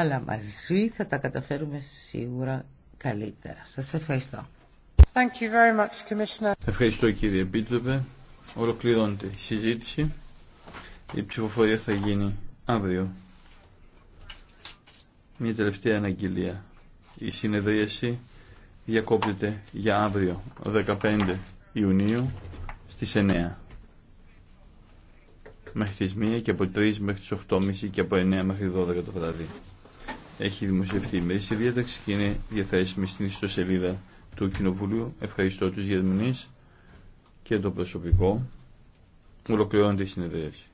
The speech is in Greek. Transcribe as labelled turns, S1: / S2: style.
S1: αλλά μαζί θα τα καταφέρουμε σίγουρα καλύτερα. Σας ευχαριστώ.
S2: Thank you very much, Commissioner.
S3: Ευχαριστώ κύριε Επίτροπε. Ολοκληρώνεται η συζήτηση. Η ψηφοφορία θα γίνει αύριο. Μια τελευταία αναγγελία. Η συνεδρίαση διακόπτεται για αύριο 15 Ιουνίου στις 9 μέχρι τις 1 και από 3 μέχρι τις 8.30 και από 9 μέχρι 12 το βράδυ έχει δημοσιευτεί η μέση διάταξη και είναι διαθέσιμη στην ιστοσελίδα του Κοινοβουλίου. Ευχαριστώ τους Γερμανείς και το προσωπικό. Ολοκληρώνεται η συνεδρίαση.